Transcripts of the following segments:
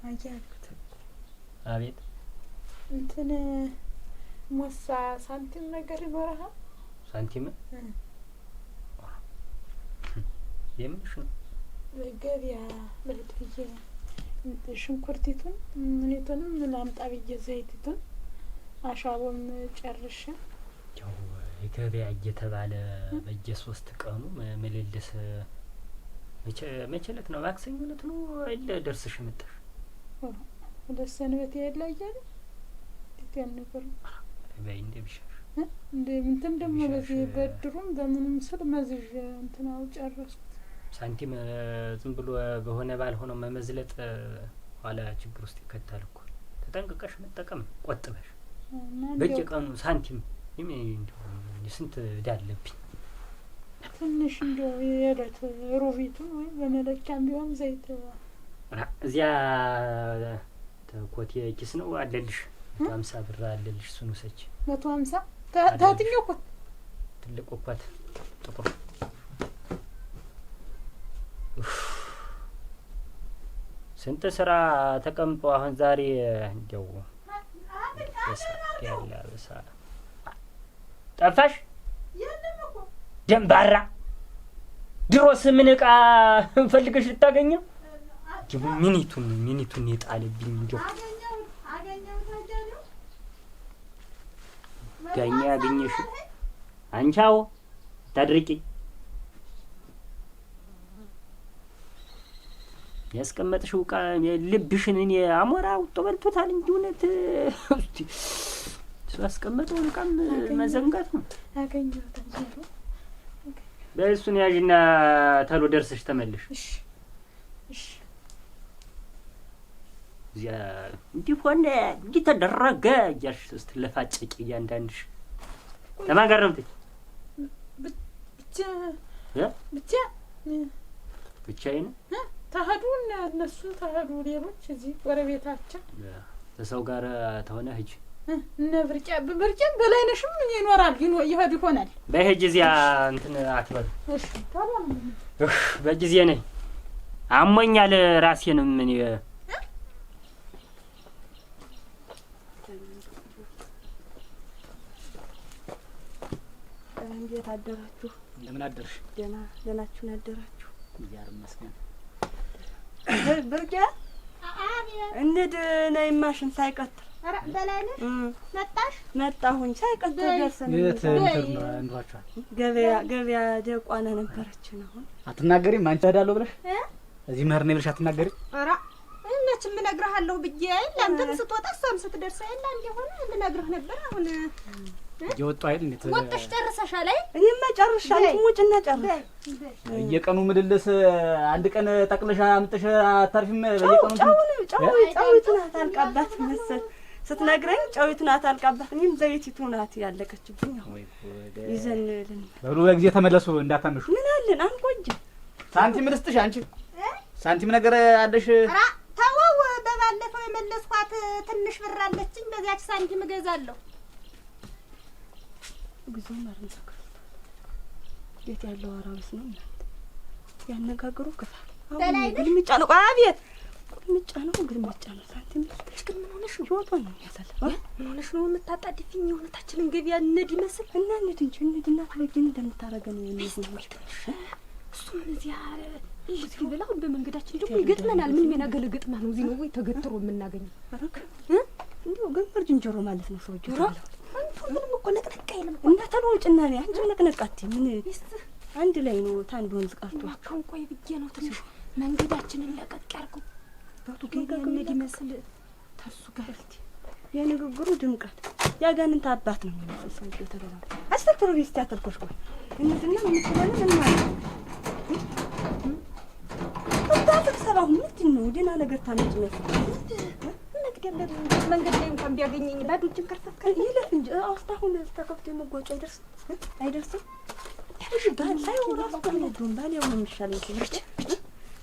ታዲያ አቤት እንትን ሞሳ ሳንቲም ነገር ይኖርሃል? ሳንቲም የምልሽ ነው። ገበያ ልሂድ ብዬ ሽንኩርቲቱን ምኔቱንም ላምጣ ብዬ ዘይቲቱን አሻቦም ጨርሽ ያው ገበያ እየተባለ በየሶስት ቀኑ ምልልስ መቼ ዕለት ነው? ማክሰኞ ዕለት ነው አይደል? ደርስሽ መጣሽ? ሁለት ሰንበት ያለ አያለ ያን ነበር በይ እንደ ብሻሽ እንደ ምንትም ደግሞ በዚህ በድሩም በምንም ስል ጨረስኩት። ሳንቲም ዝም ብሎ በሆነ ባልሆነው መመዝለጥ ኋላ ችግር ውስጥ ይከታል እኮ። ተጠንቅቀሽ መጠቀም ቆጥበሽ በየቀኑ ሳንቲም ይሄ ስንት እዳ አለብኝ ትንሽ እንደው የዕለት ሮቢቱን ወይም በመለኪያ ቢሆን ዘይት እዚያ ኮቴ ኪስ ነው አለልሽ። መቶ ሀምሳ ብር አለልሽ። እሱን ውሰች። መቶ ሀምሳ ታትኛው ኮት ትልቁ ኮት ጥቁር ስንት ስራ ተቀምጦ አሁን ዛሬ እንደው ጠፋሽ ደንባራ ድሮ ስምን ዕቃ ፈልገሽ ልታገኘ ሚኒቱን ሚኒቱን የጣለብኝ እንጆ ጋኛ ያገኘሽ አንቻው ታድርቂ ያስቀመጥሽው ዕቃ ልብሽን እኔ አሞራ ውጦ በልቶታል። እንዲህ እውነት እሱ ያስቀመጠውን ዕቃም መዘንጋት ነው። በእሱን ያዥና ተሎ ደርሰሽ ተመልሽ። እዚያ እንዲህ ሆነ እንዲህ ተደረገ እያልሽ ስትለፋጨቂ እያንዳንድሽ ለማን ጋር ነው ብቻ ብቻዬን ተሄዱ እነሱ ተሄዱ፣ ሌሎች እዚህ ጎረቤታችን ከሰው ጋር ተሆነ ሂጂ እነ ብርቄ ብርቄ በላይነሽም ይኖራል ይሄድ ይሆናል። በይሄ ጊዜያ እንትን አትበል። በጊዜ ነኝ አሞኛል ራሴንም ምን እንዴት አደራችሁ? እንደምን አደርሽ? ደህና ደህናችሁን አደራችሁ? እግዚአብሔር ይመስገን። ብርቄ እንሂድ ነይማ ሳይቀጥል መጣሁኝ። ገበያ ደቋና ነበረችን። አሁን አትናገሪም አንቺ እሄዳለሁ ብለሽ እዚህ ብለሽ አትናገሪም? ኧረ ብዬ ስትወጣ እሷም ስትደርስ የለ አንድ ልነግርህ ነበር። አሁን እየወጡ አይደል? እንዴት ወጥሽ ጨርሰሻል? አይ እኔማ ጨርሻለሁ። ጨርሽ። ምልልስ አንድ ቀን ጠቅለሽ አምጥሽ አታርፊም። በየቀኑ ጨው ጨው ጨው ትናት አልቃባት መሰል ስትነግረኝ ጨዊት ናት አልቃባት፣ እኔም ዘይቲቱ ናት ያለቀችብኝ። አሁን ይዘን ልን በሉ ተመለሱ ምን አለን ሳንቲም ልስጥሽ አንቺ ሳንቲም ነገር አለሽ? ተወው፣ በባለፈው የመለስኳት ትንሽ ብር አለችኝ፣ በዚያች ሳንቲም እገዛለሁ። ጉዞ ቤት ያለው አራዊት ነው እናንተ ያነጋግሩ ክፋል ልምጫ ነው። አቤት ግልምጫ ነው ግልምጫ ነው። ሳንቲም ልጅ ግን ምን ሆነሽ ነው? ህይወቷን ነው የሚያሳልፈው። ምን ሆነሽ ነው የምታጣድፊኝ? የእውነታችንን ገበያ እንሂድ ይመስል እና እንሂድ እንጂ እንሂድ እና ትበጊን እንደምታረገ ነው የሚሆነው። እሱም እዚያ ልትፊ ብላ አሁን በመንገዳችን ደግሞ ይገጥመናል። ምን ሜና ገለገጥማ ነው እዚህ ነው ወይ ተገትሮ የምናገኘው? እንዲሁ ገንበር ዝንጀሮ ማለት ነው ሰዎች ራሱ ምንም እኮ ነቅነቅ አይልም እና ተለወጭና ነይ አንቺ ነቅነቅ ምን አንድ ላይ ነው ታንድ ወንዝ ቀርቶ አካው ቆይ ብዬ ነው ትንሽ መንገዳችንን ለቀቅ ያርገው አባቱ ገነት ይመስል ተሱ ጋር የንግግሩ ድምቀት ያጋንንት አባት ነው የሚመስል ተገዛ አስተክሩ ሪስት ያተርኮሽ ቆይ እነዚህና ምን ይችላል ምን ማለት ነው? ታጥቅ ሰራሁ ነው ደህና ነገር ታመጭ መስል መንገድ ላይ እንኳን ቢያገኘኝ ባዶ እጅን ከርፈፍ ይለፍ እንጂ አስታሁን ተከፍቶ የመጓጫ አይደርስ አይደርስም። ባል ላይ ወራስ ከመዶን ባል ያው ነው የሚሻለኝ ሲልች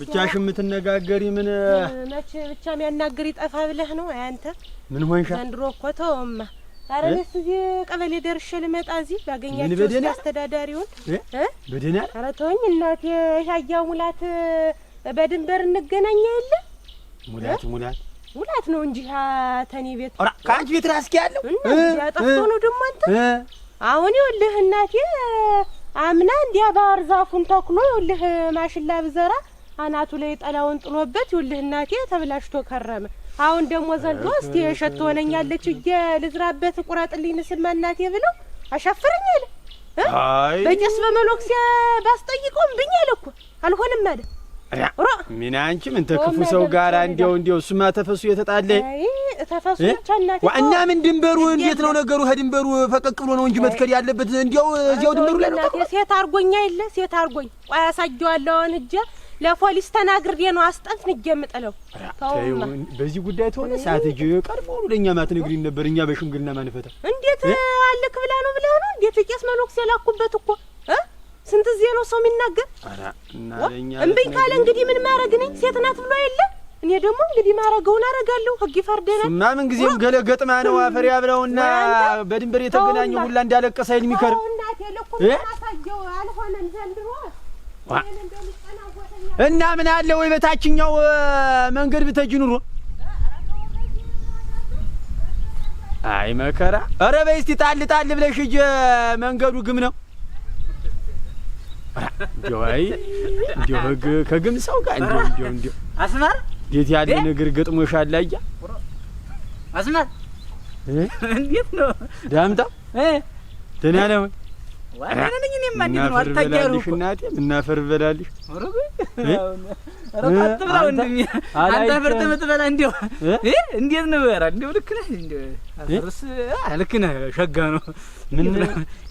ብቻሽ የምትነጋገሪ ምን መቼ ብቻ የሚያናገር ይጠፋ ብለህ ነው? አንተ ምን ሆንሻ? ዘንድሮ እኮ ተውማ። ኧረ እኔስ እዚህ ቀበሌ ደርሼ ልመጣ እዚህ ባገኛቸው አስተዳዳሪውን በደህና። ኧረ ተወኝ እናቴ። ያያው ሙላት በድንበር እንገናኛ የለ ሙላት ሙላት ሙላት ነው እንጂ ተኔ ቤት ከአንቺ ቤት ራስኪ ያለው እንዴ ጠፍቶ ነው ደግሞ አንተ አሁን ይኸውልህ እናቴ አምና እንዲያ ባህር ዛፉን ተክሎ ይኸውልህ ማሽላ ብዘራ አናቱ ላይ ጠላውን ጥሎበት ይኸውልህ እናቴ ተብላሽቶ ከረመ። አሁን ደግሞ ዘንድሮ እስቲ እሸት ሆነኛለች እየ ልዝራበት ቁረጥልኝ ንስማ እናቴ ብለው አሻፈረኝ አለ። በቄስ በመሎክሲያ ባስጠይቀውም ብኝ አለ እኮ አልሆንም አለ። ምን አንቺ ምን ተክፉ ሰው ጋር እንዲያው እንዲያው እሱማ ተፈሱ የተጣለኝ እና ምን ድንበሩ እንዴት ነው ነገሩ? ከድንበሩ ፈቀቅ ብሎ ነው እንጂ መትከል ያለበት እንዲያው እዚያው ድንበሩ ላይ ነው። ሴት አርጎኛ የለ ሴት አርጎኝ ቆይ አሳጀዋለሁ። አሁን ለፖሊስ ተናግሬ ነው አስጠንት ንጀምጥለው በዚህ ጉዳይ ተሆነ ሰዓት እጅ ቀድሞ ለእኛ ማትነግሪን ነበር። እኛ በሽምግልና ማንፈታ እንዴት አልክ ብላ ነው ብለህ ነው እንዴት ቄስ መነኩሴ የላኩበት እኮ ስንት ዜ ነው ሰው የሚናገር? እምብኝ ካለ እንግዲህ ምን ማረግ ነኝ? ሴት ናት ብሎ የለ እኔ ደግሞ እንግዲህ ማረገውን አረጋለሁ። ህግ ይፈርደናል። እማ ምን ጊዜም ገለ ገጥማ ነው አፈር ያብላውና በድንበር የተገናኘ ሁላ እንዳለቀሰ አይን የሚቀር እና ምን አለ ወይ በታችኛው መንገድ ብተጅ ኑሮ አይ መከራ። ኧረ በይ እስቲ ጣል ጣል ብለሽ መንገዱ ግም ነው እንዲሁ አይ ከግም ሰው ጋር እንዲሁ እንዲሁ እንዲሁ አስማር እንዴት ያለ ነገር ገጥሞሻል? አያ አስማር እንዴት ነው ዳምጣ እ ደህና ነህ ወይ? ምን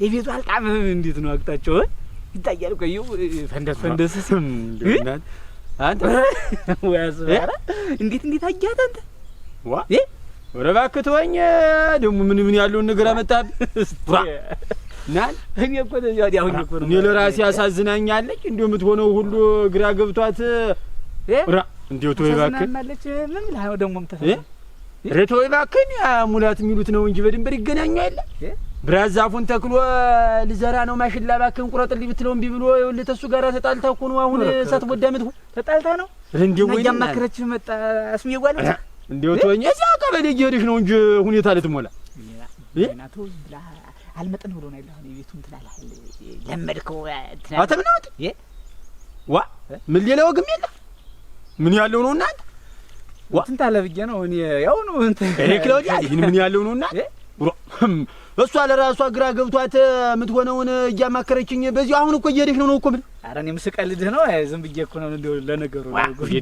የቤቱ አልጣምም እንዴት ነው አቅጣጫው ይታያል። ቆዩ ፈንደስ ፈንደስ ስም አንተ ወያስ እንዴት እንዴት አያት አንተ ዋ እ ወረ እባክህ ተወኝ። ደግሞ ምን ምን ያለውን ነገር አመጣብህ ናን እኔ እኮ ነው ያዲያ እኮ እኔ ለራሴ ያሳዝናኛለች። እንዲሁ የምትሆነው ሁሉ ግራ ገብቷት ራ እንዲሁ ተወይ እባክህ ማለት ምን ላይ ደግሞ ተሰማ ኧረ እባክህ ሙላት የሚሉት ነው እንጂ በድንበር ይገናኙ አይደል ብራዝ ዛፉን ተክሎ ልዘራ ነው ማሽላ እባክህን ቁረጥልኝ ብትለው እምቢ ብሎ ይኸውልህ ተሱ ጋር ተጣልተህ እኮ ነው አሁን እሳት ቦዳ ምትሆን ተጣልተህ ነው እንዴ? ወይ ያማከረች መጣ አስሚ ይጓል እንዴ? ወቶኝ እዛ ቀበሌ እየሄድሽ ነው እንጂ ሁኔታ ልትሞላ አልመጥን ብሎ ነው ያለው ቤቱን የቤቱን ለመድከው ትላለህ አተ ምናምን ዋ ምን ሌላ ወግም የለ ምን ያለው ነው እናንተ ዋ እንትን ታለብዬ ነው እኔ ያው ነው እንትን ይሄ ክላውዲያ ይህን ምን ያለው ነው እናንተ እሷ ለራሷ ግራ ገብቷት የምትሆነውን እያማከረችኝ በዚሁ አሁን እኮ እየሄደች ነው ነው እኮ ምን ኧረ እኔም ስቀልድህ ነው። ዝም ብዬ እኮ ነው። እንደው ለነገሩ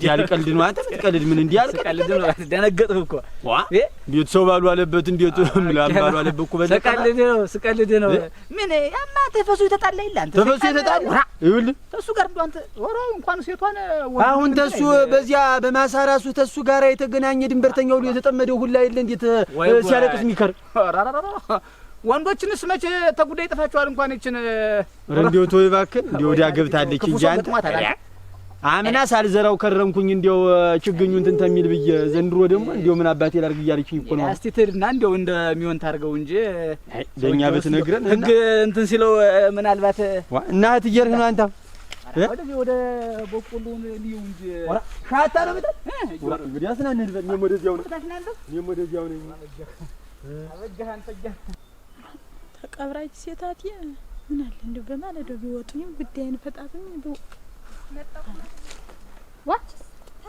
ያል ቀልድ ነው። አንተ ምትቀልድ ምን እንዲህ አልክ? ቀልድ ነው። ደነገጥህ እኮ ቤት ሰው ባሉ አለበት እንዴት ምላም ባሉ አለበት እኮ በለቀ ስቀልድህ ነው። ስቀልድ ነው። ምን ያማ ተፈሱ የተጣላ ይላል አንተ ተፈሱ የተጣላ ይውል ተሱ ጋር እንደው አንተ ወሮ እንኳን ሴቷን አሁን ተሱ በዚያ በማሳ ራሱ ተሱ ጋር የተገናኘ ድንበርተኛው ሁሉ የተጠመደው ሁላ የለ እንዴት ሲያለቅስ የሚከር ወንዶችንስ መቼ ተጉዳይ ጠፋችኋል? እንኳን ይችን እንዲሁ ቶ ይባክን እንዲሁ ወዲያ ገብታለች እንጂ አምና ሳልዘራው ከረምኩኝ እንዲው ችግኙ እንትን ተሚል ብዬ ዘንድሮ ደግሞ እንዲው ምን አባቴ ላርግ እያለችኝ እኮ ነው። እስቲ ትሄድና እንዲው እንደሚሆን ታርገው እንጂ ለእኛ ብትነግረን ህግ እንትን ሲለው ምናልባት እና ትየርህ ነው አንተ ወደ በቆሎን እንዲው እንጂ ሻታ ነው እንግዲህ አስናንህ ወደዚያው ነው ወደዚያው ነው ቀብራጅ ሴታት ምን አለ እንደው በማለዶ ቢወጡኝም ጉዳይን ፈጣፍም እንደው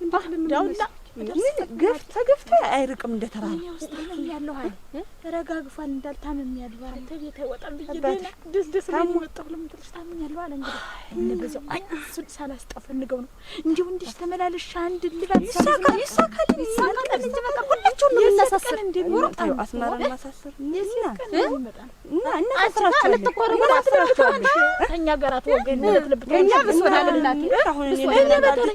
እንዴት እንዴት ለምንመስል ገፍ ተገፍቶ አይርቅም እንደተባለ ያለሁ አለ ረጋግፏል እንዳል ታመም ያለሁ አለ ተብ የተወጣም ብዬ ደስ ደስ ላይ ወጣሁ። ለምን ትልሽ ታመም ያለሁ አለ እንግዲህ በዛው አይ እሱን ሳላስጠው ነው እንዲሁ እንዲሽ ተመላለሽ አንድ ልባት ይሳካል ይሳካል ይሳካል እንጂ በቃ ሁላችሁን ነው እናሳስር እንደሚወጣ አስማራ ማሳስር እና እና እና አስራችሁ ልትቆረቡ አስራችሁ ከኛ ጋር አትወገን ልብት ከኛ ብሶናል አሁን እኔ ለምን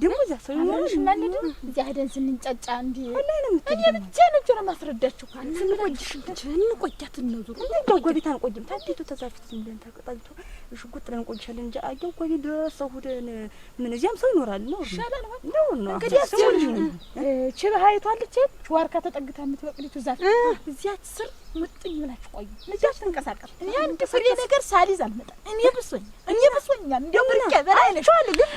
ደግሞ እዛ ሰው ይኖርሽ እና እንሂድ። እዚያ ሄደን ስንንጫጫ እንዲ እኔ ብቻ ነው ጆሮ ማስረዳችሁ ካን ስንቆጅሽ የማስረዳችሁ። እንቆያትን ነው ዙሩ እንደ ጎቤት አንቆይም። ታዲቱ ተዛፊት ዝም ብለን ተቀጣልቶ ሽጉጥ ብለን እንቆይሻለን እንጂ አየው ጎቤ ድረስ ሰው ሁደን ምን እዚያም ሰው ይኖራል ነው ይሻላል ነው ነው እንግዲህ ሰው ችብሀይቷ አለች። ዋርካ ተጠግታ የምትበቅልቱ ዛፍ እዚያች ስር ሙጥኝ ብላችሁ ቆዩ። ልጅ አትንቀሳቀስ። እኔ አንድ ፍሬ ነገር ሳልይዝ አልመጣም። እኔ ብሶኛ እኔ ብሶኛ እንደው ብርቄ በላይ ነሽ ቻለ ግን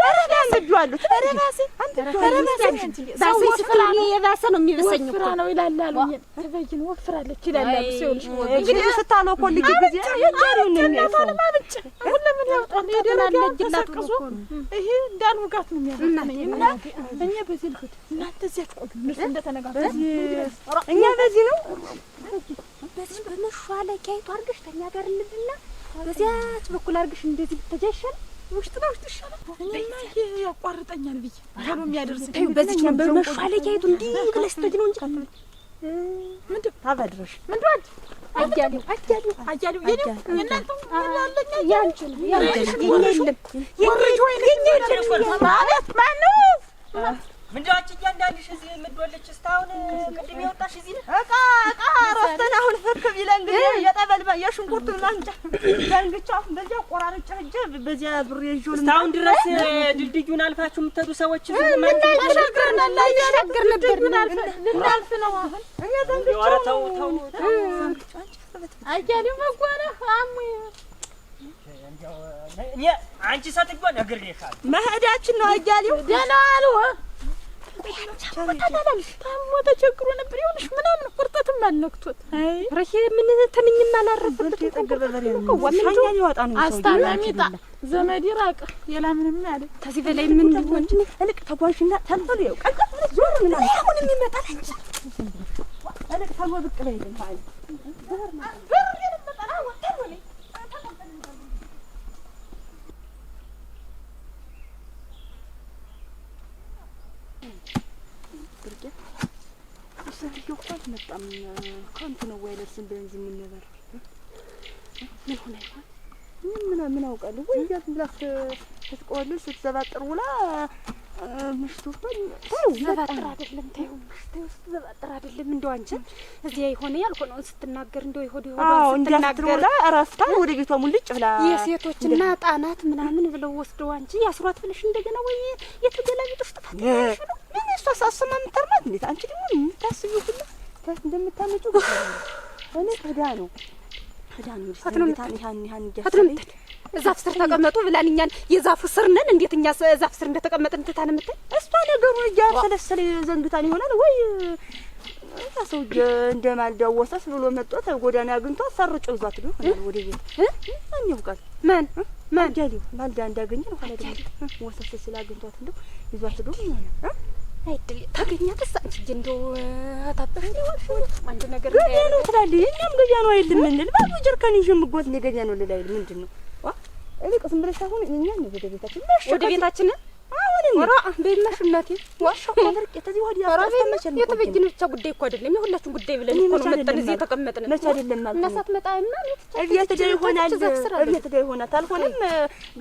ስፍራ ነው የባሰ ነው የሚበሰኝ እኮ ነው ይላል አሉ። ወፍራለች ይላል አሉ። እንግዲህ ስታሉ እኮ ልጅ ጊዜ የጀሪው ነው የሚያፈው ያውጣል የደረጃ ተቀሶ ይሄ እንዳል ነው የሚያፈው እና እኛ በዚህ ልኩት እናንተ እዚያ ቆዩ። ምንድነው እንደተነጋገረ እኛ በዚህ ነው በዚህ በመሿለኪያይቱ አድርገሽ ተኛ ጋር እንብላ፣ በዚያች በኩል አድርገሽ እንደዚህ ብትጃይሻል ውስጥ ነው ውስጥ ይሻላል። እኔማ ይሄ ያቋርጠኛል ብዬ ታሞ የሚያደርስ በዚች በመሿለኪያይቱ እንዲህ ብለሽ ስትሄጂ ነው እንጂ ምንድን አበድረሽ ምንድን አንቺ አያሌው አያሌው አያሌው የእኔም የእናንተም አለኝ ያንቺን የእኛ የለም የእኛ የለም ማለት ማነው ምንድናች እያንዳንድሽ እዚህ የምትወለች እስካሁን ቅድም የወጣሽ እዚህ እቃ እቃ ረስተን አሁን ፍክ ቢለን እንግዲህ የጠበልባ የሽንኩርቱን ማንጫ ዘንግቻ አሁን በዚያ ቆራርጬ ሂጅ በዚያ ብር ይዤውን እስካሁን ድረስ ድልድዩን አልፋችሁ የምትሄዱ ሰዎች ልናልፍ ነው አሁን እኔ ዘንግቼ ተው ተው ተው አያሌው መጓነፍ አሙ አንቺ ሰትጓ ነግሬሻለሁ መሄዳችን ነው አያሌው ደህና አሉ ታሞ ተቸግሮ ነበር። ይኸውልሽ ምናምን ቁርጠትም አልነክቶት ረሄ ምን ትንኝም አላረፈበት። አስታማሚጣ ዘመድ ራቅ የላ ያለ ተዚህ በላይ ምን ሆን እልቅ ተጓዥና ተንጠሉ ያው ቀልቀ ዞር ምና አሁን የሚመጣል እንጂ እልቅ ተሞ ብቅ በይልኝ ሴትዮ እኮ አትመጣም። ከንቱ ነው ወይ ለስም የምንበር ምን ሆነ ይሆን? ምን ምን አውቃለሁ ወይ ብላ ስትቆልል ስትዘባጥር ውላ ዘባጥር አይደለም ተይው፣ ዘባጥር አይደለም። እንደው አንቺ እዚያ የሆነ ያልሆነውን ስትናገር እንደው የሆነ ስትናገር እረፍታን ወደ ቤቷ ሙልጭ ብላ የሴቶችና ጣናት ምናምን ብለው ወስደው አንቺ ያስሯት ብለሽ እንደገና ወይ የተገላቢጦሽ ጥፋት ነው። ምን እሷ ሳሰማ የምታርማት እንዴት? አንቺ ደግሞ የምታስቢው ሁሉ እንደምታመጪው እኔ ከዳ ነው ከዳ ነው ያን ያን ዛፍ ስር ተቀመጡ ብላን እኛን የዛፉ ስር ነን። እንዴት እኛ ዛፍ ስር እንደተቀመጥን ትታን የምትል እሷ ነገሩ እያሰለሰለ ዘንግታን ይሆናል ወይ እዛ ሰውዬ እንደማልዳው ወሰስ ብሎ መጥቶ ተጎዳና አግኝቶ ሰርጮ ይዟት ነው ወደ ቤት ማን ይብቃል ማን ማን ዳሊ ማልዳ እንዳገኘ ነው ኋላ ደግሞ ወሰስ ስላግኝቷት እንደው ይዟት ነው እ አይደል ታገኛ አንቺ ጀንዶ አታበረ ነው ወንድ ነገር ነው ትላለች። እኛም ገበያ ነው አይልም እንል ባቡ ጀርከን ይዤ የምጎት ነው ገበያ ነው ልል አይል ምንድን ነው እዚህ ዝም ብለሽ አሁን እኛን ወደ ቤታችን ወደ ቤታችን የተበየነ ብቻ ጉዳይ እኮ አይደለም፣ የሁላችን ጉዳይ ብለን እኮ ነው መጠን እዚህ የተቀመጥን። መቼ አይደለም እና እቤት ሄደህ ይሆናል እቤት ሄደህ ይሆናል። አልሆነም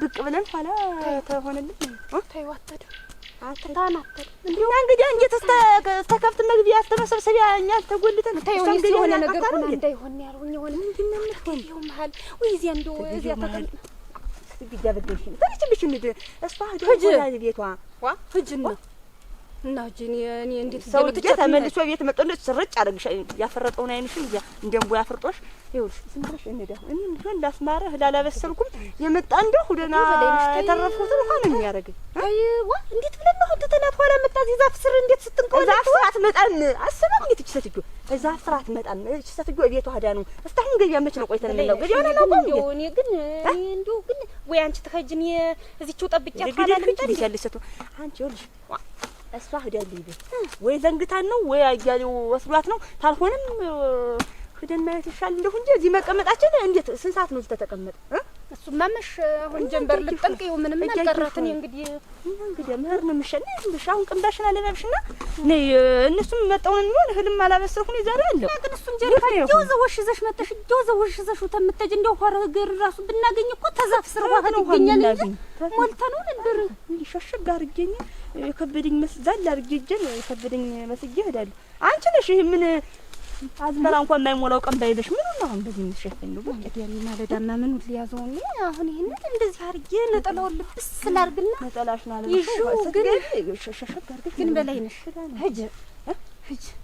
ብቅ ብለን ኋላ ተሆነልን እንግዲህ እንዴት እስከ ከብት መግቢያ እስከ መሰብሰቢያ እኛ ተጎልተን የሆነ ነገር እንዳይሆን ያልሆነ የሆነ بيجاب الدشين فاش تمشي ندير اصبح هجن هجن እና ጂኒ እኔ እንዴት ሰው ተመልሶ ቤት መጥቶ ስርጭ አደረግሽ ያፈረጠውን አይንሽን እንደምቦ ያፈርጦሽ። ይኸውልሽ ዝም ብለሽ እንዳሁ እኔ ምን ላስማረህ ላላበሰልኩም የመጣ እንደው ደህና የተረፍኩትን እንኳን ነው የሚያደርገኝ። አይዋ እንዴት ብለን ነው እንደ ኋላ መጣ እዚህ ዛፍ እንዴት ስትንቀው ዛፍ ስር አትመጣም። አስባት እንዴት እቺ ሴትዮ እዛ ስር አትመጣም። እቺ ሴትዮ ቤቷ ሄዳ ነው ገቢያ መች ነው ቆይተን ነው ገቢያ ነው ነው ነው እኔ ግን እንዲሁ ግን ወይ አንቺ ተከጅን እዚህችው ጠብቂያት ኋላ ልምጣ ልሰልሰቱ አንቺ ይኸውልሽ እሷ ሂዳለች ቤት ወይ ዘንግታን ነው ወይ አያሌው ወስዷት ነው። ታልሆንም ሂደን ማየት ይሻል እንደሁ እንጂ እዚህ መቀመጣችን እንዴት ስንት ሰዓት ነው እዚህ ተተቀመጠ? እሱማ መሽ አሁን ጀንበር ልጠልቅ ይኸው ምንም አልቀራት። እኔ እንግዲህ እንግዲህ ምህር ነው የምሸና ብሽ አሁን ቅንባሽን አለባብሽና ነይ። እነሱም መጣውን የሚሆን እህልም አላበሰልኩኝ ዛሬ አለ ግን እሱን ጀሪካ ጆ ዘወሽ ይዘሽ መጥተሽ ጆ ዘወሽ ይዘሽ ተምተጅ እንደው ኋረ ገር ራሱ ብናገኝ እኮ ተዛፍ ስር ውሃ ይገኛል እንጂ ሞልተ ነው ነበር ሸሸግ አድርጌኝ የከበደኝ መስ ዛል አድርጌ እጄን የከበደኝ መስዬ እሄዳለሁ። አንቺ ነሽ ይሄ ምን አዝመራ እንኳን የማይሞላው ቀን ባይለሽ ምን ነው አሁን በዚህ የምትሸፈኝ ነው? ያኔ ማለዳማ ምን ሁሉ ያዘው ነው። አሁን ይሄን እንደዚህ አርጌ ነጠላው ልብስ ስላርግና ነጠላሽ ናለ ይሹ ግን ሸሸሸ ግን በላይ ነሽ ሂጂ ሂጂ ነው።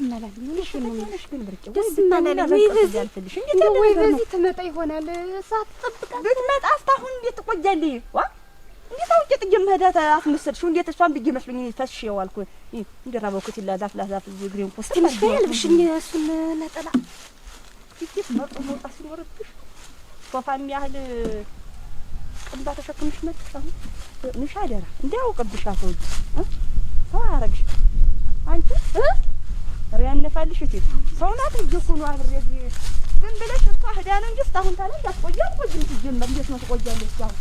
የማላለኝ እሺ፣ ነሽ ግን ብርጭው ደስ የማላለኝ ወይ በዚህ አልፈልሽ። እንዴት ወይ በዚህ ትመጣ ይሆናል ሰዓት ትጠብቃለህ። ብትመጣ አስታሁን እንዴት ትቆያለሽ? ሰው እየጥየም ሄዳት አስመሰል ሽው እንዴት እሷን ብዬ መስሎኝ ፈስሽ የዋልኩ እንደራ በኩት ይላ ዛፍ ላዛፍ እግሬ እንኳ እስቲ መስል ብሽኝ እሱን ነጠላ ጥቂት መርጦ መውጣት ሲኖርብሽ ሶፋም ያህል ቅንባ ተሸክምሽ መጥሽ አሁን ንሻ አደራ እንዲያውቅብሽ አትወጂ ሰው አያረግሽ አንቺ ሪያነፋልሽ እቴ ሰው ናት እኮ ነው አብሬ ግን ብለሽ እሷ ህዳ ነው እንጂ እስካሁን ታዲያ ያስቆያ ቆይም ትጀመር እንዴት ነው ትቆያለሽ? እስካሁን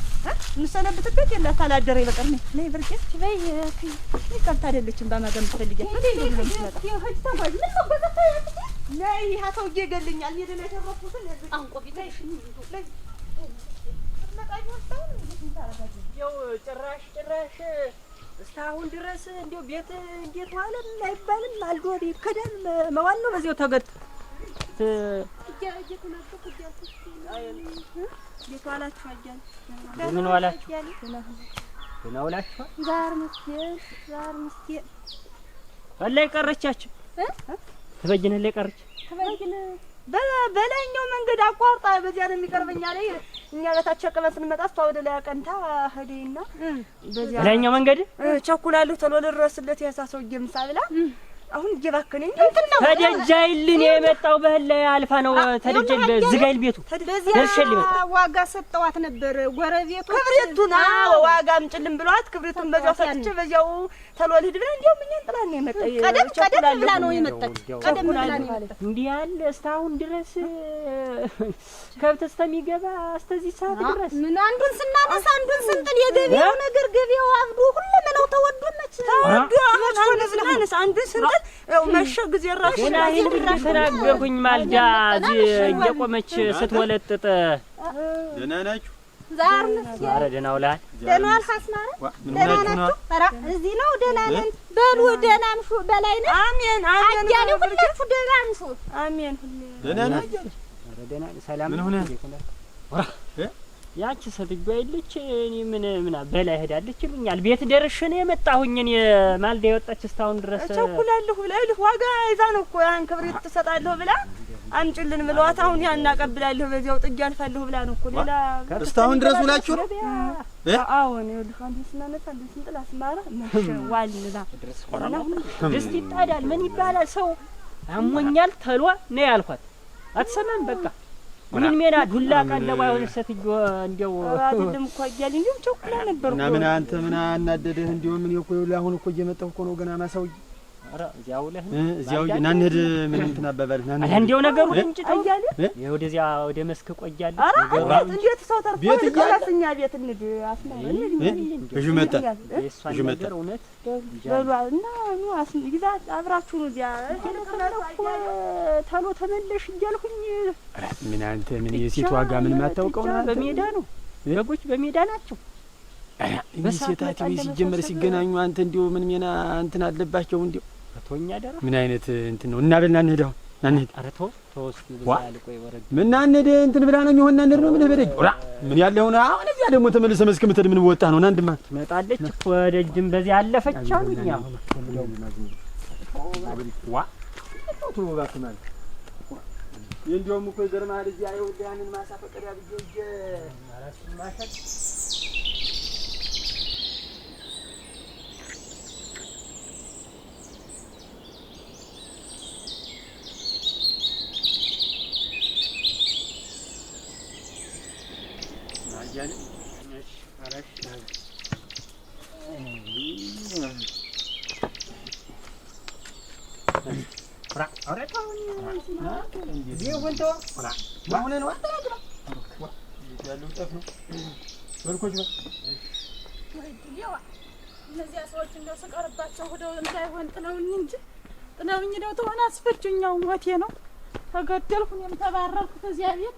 የምትሰነብትበት የለ ታላደረ ይበቀር ነይ ነይ ብርቄት በይ ይቀርታ አይደለችም በማገም ትፈልጊያት ምን ይሄ ሰውዬ ይገለኛል ሄደን የተረፉትን አንቆ ቢታይሽ ያው ጭራሽ ጭራሽ እስካሁን ድረስ እንዲያው ቤት እንዴት ዋለ አይባልም። አልዶ ይከዳል መዋል ነው በዚያው ተገት ሁለት ምን ዋላችሁ? ቀረቻችሁ ላይ ቀረች በላይኛው መንገድ አቋርጣ በዚያ ነው የሚቀርበኛ ላይ እኛ በታች አቅመን ስንመጣ እሷ ወደ ላይ አቀንታ ሄዴና በዚያ ላይኛው መንገድ ቸኩላለሁ ተሎ ልድረስለት ያሳ ሰውዬ ብላ አሁን እየባከነኝ እንትና ተደጃይልን የመጣው በህል ላይ አልፋ ነው። ተደጃይል በዝጋይል ቤቱ ደርሸል ዋጋ ሰጠዋት ነበር ጎረቤቱ ክብሪቱን። አዎ ዋጋ አምጪልን ብሏት ክብሪቱን በዛው ሰጥቼ በዛው ተሎልድ ብላ እንዲያውም እኛን ጥላ ነው የመጣ ቀደም ቀደም ብላ ነው የመጣ ቀደም ብላ ነው የመጣ እንዲህ ያለ እስካሁን ድረስ ከብት እስከሚገባ እስከዚህ ሰዓት ድረስ ምን አንዱን ስናነሳ አንዱን ስንጥል የገበያው ነገር ገበያው አብዶ ሁሉ ምነው ተወዶነች ተወዶ አንዱን ስናነሳ አንዱን ስንጥል ይሆናል። መሸ ጊዜ ራሱ ተናገርኩኝ። ማልዳ እየቆመች ስትወለጥጥ ደህና ናችሁ? ዛሬ ደህና ውለሃል? እዚህ ነው። ደህና ነን በሉ። ደህና ምሹ በላይ ነን። አሜን አሜን። ያለ ሁላችሁ ደህና ምሹ። አሜን። ደህና ናችሁ? ደህና ሰላም ምን ሆነ? ወራ ያቺ ሴትዮ አይልች እኔ ምን ምና በላይ ሄዳለች ይሉኛል። ቤት ደርሼ ነው የመጣሁኝ። እኔ ማልዳ የወጣች እስካሁን ድረስ እቸኩላለሁ ብላ ዋጋ ይዛ ነው እኮ ያን ክብሪት ትሰጣለሁ ብላ አምጭልን ምለዋት አሁን ያን እናቀብላለሁ በዚያው ጥጊ አልፋለሁ ብላ ነው እኮ ሌላ እስካሁን ድረስ ውላችሁ ነው? አዎን ይልህ አንድ ስናነሳ አንድ ስንጥላ ስማራ ዋልና ድስት ይጣዳል ምን ይባላል ሰው አሞኛል ተሏ ነው ያልኳት። አትሰማም በቃ ምን ሜና ዱላ ቀለቡ አይሆን ሴትዮ እንደው አይደለም እኮ እያለኝ እንደው ቸኩላ ነበር እና ምን አንተ ምን አናደደህ? እንደው ምን እኮ አሁን እኮ እየመጣሁ እኮ ነው ገና ማሳውዬ እዚያው ና እንሂድ። ምን እንትን አባባል እንዲያው ነገሩ ወደዚያ ወደ መስክ ቆያለህ። እንዴት ሰው ተርፎ ቤት እንሂድ። እሺ፣ መጣ እሺ፣ መጣ እውነት እና ኑ ይዛ አብራችሁ ነው እዚያ ተሎ ተመለሽ እያልኩኝ ምን አንተ ምን የሴት ዋጋ ምን ማታውቀው ነው። በሜዳ ነው በጎች በሜዳ ናቸው። ሴታት ሲጀመር ሲገናኙ አንተ እንዲሁ ምን ሜና እንትን አለባቸው እንዲሁ ቶኛ ደራ ምን አይነት እንትን ነው? እና በልና እንሂድ አሁን ና እንሂድ። ኧረ ተው ተው እስኪ ምን ና እንሂድ እንትን ብላ ነው የሚሆን ና ነው ምን በደግ ራ ምን ያለ ሆነ አሁን እዚያ ደግሞ ተመልሰ መስክ የምትሄድ ምን ወጣ ነው? ና እንድማ ትመጣለች እኮ ደጅም በዚህ አለፈች አሉኝ። ዋ ይህ እንዲያውም እኮ የዘር መሀል እዚያ ይኸውልህ ያንን ማሳ ፈቀዳ ማሸት እነዚያ ሰዎች እንደው ስቀርባቸው ሁደው እንዳይሆን ጥለውኝ እንጂ ጥለውኝ ደው ተሆነ አስፈጁኛው ሞቴ ነው። ተገደልኩ እኔም ተባረርኩ ከዚያ ቤት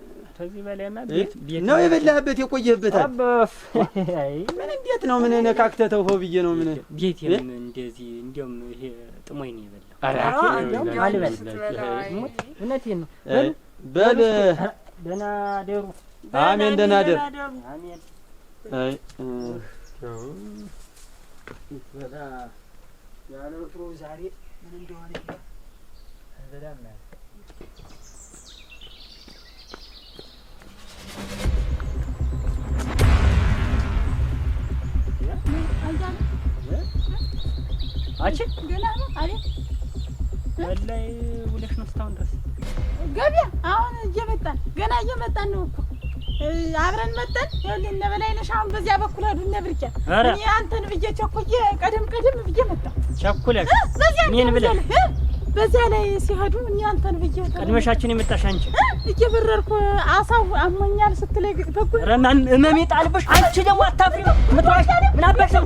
ከዚህ በላይማ ቤት ቤት ነው የበላህበት የቆየህበት። አበፍ ምን እንዴት ነው? ምን ነካክተህ ተው ብዬ ነው ምን ቤት እንደዚህ እንዲያውም ይሄ ጥሞኝ ነው የበላው። እውነቴን ነው። በል ደህና ደሩ። አሜን። ደህና ደሩ። አሜን። አይ ያለው ዛሬ ምን እንደሆነ በጣም አንቺ ገና ነው አይደል? ወላሂ ውለሽ ነው እስካሁን ድረስ ገበያ። አሁን እየመጣን ገና እየመጣን ነው እኮ አብረን መጠን ይኸውልህ፣ እነ በላይነሽ አሁን በዚያ በኩል አሉ እነ ብርቄ። እኔ አንተን ብዬ ቸኩዬ ቀደም ቀደም ብዬ መጣሁ። ቸኩለሽ እኔን ብለሽ በዚያ ላይ ሲሄዱ እኔ አንተን ብዬ ቅድመሻችን የመጣሽ አንቺ። እየበረርኩ አሳው አሞኛል ስትለኝ በጎ እመሜ ጣልብሽ። አንቺ ደግሞ አታፍሪም። ምትዋሽ ምን አባሽ ነው